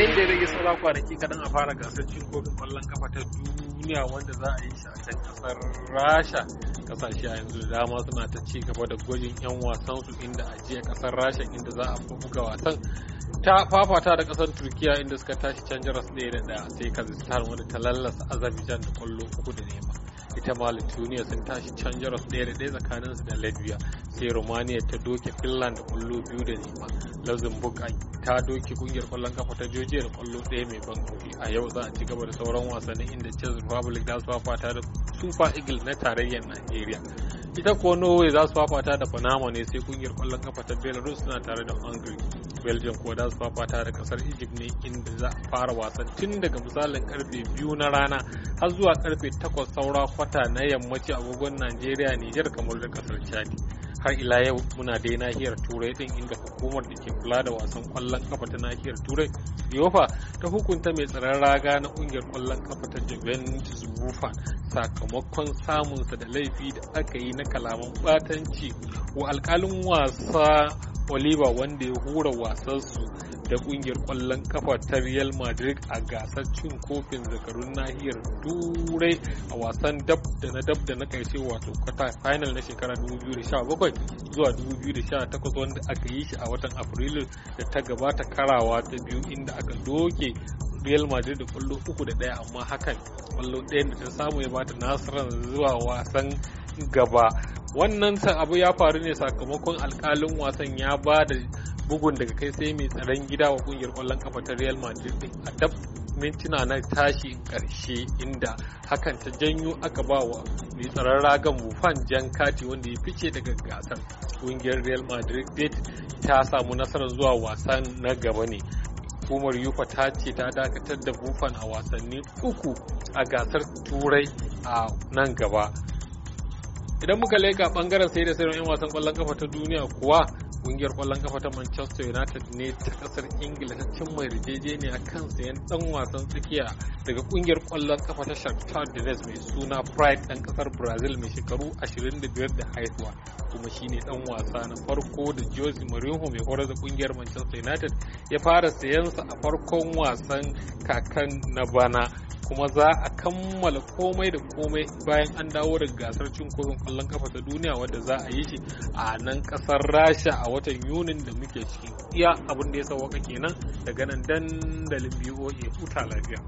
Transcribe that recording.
yayin da ya rage saura kwanaki kaɗan a fara gasar cin kofin ƙwallon kafa ta duniya wanda za a yi shi a can ƙasar rasha kasashe a yanzu da dama suna ta ci gaba da gwajin 'yan wasansu inda a jiya ƙasar rasha inda za a buga wasan ta fafata da kasar turkiya inda suka tashi can jaras ɗaya da ɗaya sai kazakhstan wanda ta lallasa azabijan da kwallo uku da nema ita ma lithuania sun tashi can jaras ɗaya da ɗaya tsakaninsu da latvia sai romania ta doke finland da kwallo biyu da nema luxembourg ta doke kungiyar kwallon kafa ta georgia da kwallo ɗaya mai ban a yau za a ci gaba da sauran wasannin inda czech republic za su fafata da super eagles na tarayyar nigeria ita kuwa norway za su fafata da panama ne sai kungiyar kwallon kafa ta belarus suna tare da hungary belgium kuwa za su fafata da kasar egypt ne inda za a fara wasan tun daga misalin karfe biyu na rana har zuwa karfe takwas saura kwata na yammaci agogon nigeria niger kamar da kasar chad har ila yau muna dai nahiyar turai din inda hukumar da ke kula da wasan kwallon kafa ta nahiyar turai yofa ta hukunta mai tsaron raga na kungiyar kwallon kafa ta juventus bufa sakamakon samunsa da laifi da aka yi na kalaman batanci wa alkalin wasa oliver wanda ya hura wasansu da kungiyar kwallon kafa ta Real Madrid a gasar cin kofin zakarun nahiyar Turai a wasan dab da na dab da na karshe wato kwata final na shekara 2017 zuwa 2018 wanda aka yi shi a watan Afrilu da ta gabata karawa ta biyu inda aka doke Real Madrid da kwallo uku da ɗaya amma hakan kwallo ɗayan da ta samu ya bata nasarar zuwa wasan gaba wannan abu ya faru ne sakamakon alkalin wasan ya ba da bugun daga kai sai mai tsaron gida wa kungiyar kwallon kafa ta real madrid din a dab mintuna na tashi karshe inda hakan ta janyo aka ba wa mai tsaron ragan bufan jan kati wanda ya fice daga gasar kungiyar real madrid ta samu nasarar zuwa wasan na gaba ne hukumar yufa ta ce ta dakatar da bufan a wasanni uku a gasar turai a nan gaba idan muka leka bangaren sai da sayarwa 'yan wasan kwallon kafa ta duniya kuwa kungiyar kwallon kafa ta manchester united ne ta kasar ingila ta cimma yarjejeniya kan sayan dan wasan tsakiya daga kungiyar kwallon kafa ta shakhtar donetsk mai suna pride dan kasar brazil mai shekaru 25 da haihuwa kuma shine dan wasa na farko da jose mourinho mai horar da kungiyar manchester united ya fara sayansa a farkon wasan kakan na bana kuma za a kammala komai da komai bayan an dawo daga gasar cin kofin kwallon kafa ta duniya wadda za a yi shi a nan kasar rasha a watan yunin da muke ciki iya abin da ya sauwaka kenan daga nan dandalin boa huta lafiya